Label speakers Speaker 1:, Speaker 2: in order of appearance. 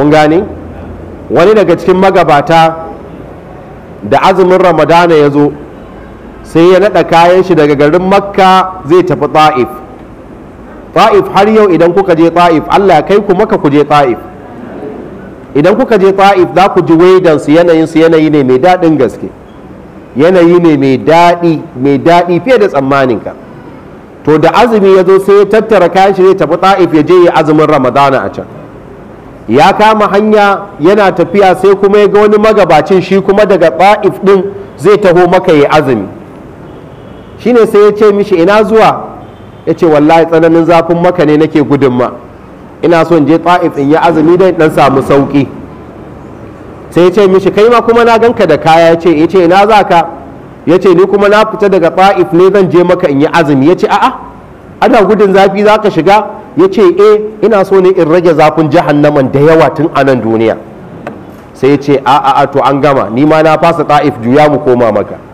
Speaker 1: kun gani wani daga cikin magabata da azumin ramadana ya zo sai ya naɗa kayan shi daga garin makka zai tafi ta'if ta'if har yau idan kuka je ta'if allah ya kai ku maka ku je ta'if idan kuka je ta'if za ku ji waidansu yanayinsu yanayi ne mai daɗin gaske yanayi ne mai daɗi mai daɗi fiye da tsammaninka to da azumi ya zo sai ya tattara kayan shi zai tafi ta'if ya je ya azumin ramadana a can ya kama hanya yana tafiya sai kuma ya ga wani magabacin shi kuma daga tsa'if ɗin zai taho maka ya azumi shine sai ya ce mishi ina zuwa ya ce wallahi tsananin zafin maka ne nake gudun ma ina so je tsa'if in yi azumi dai dan samu sauki sai ya ce mishi kai ma kuma na ganka da kaya ya ce ya eh, ce ina za ka ya ce ni kuma na fita daga tsa'if ne zan je maka in yi azumi ya ce a'a ana gudun zafi za ka shiga ya ce e ina so ne in rage zafin jahannaman da yawa tun anan duniya sai ya ce a a to an gama ni ma na fasa ta'if juya mu
Speaker 2: koma maka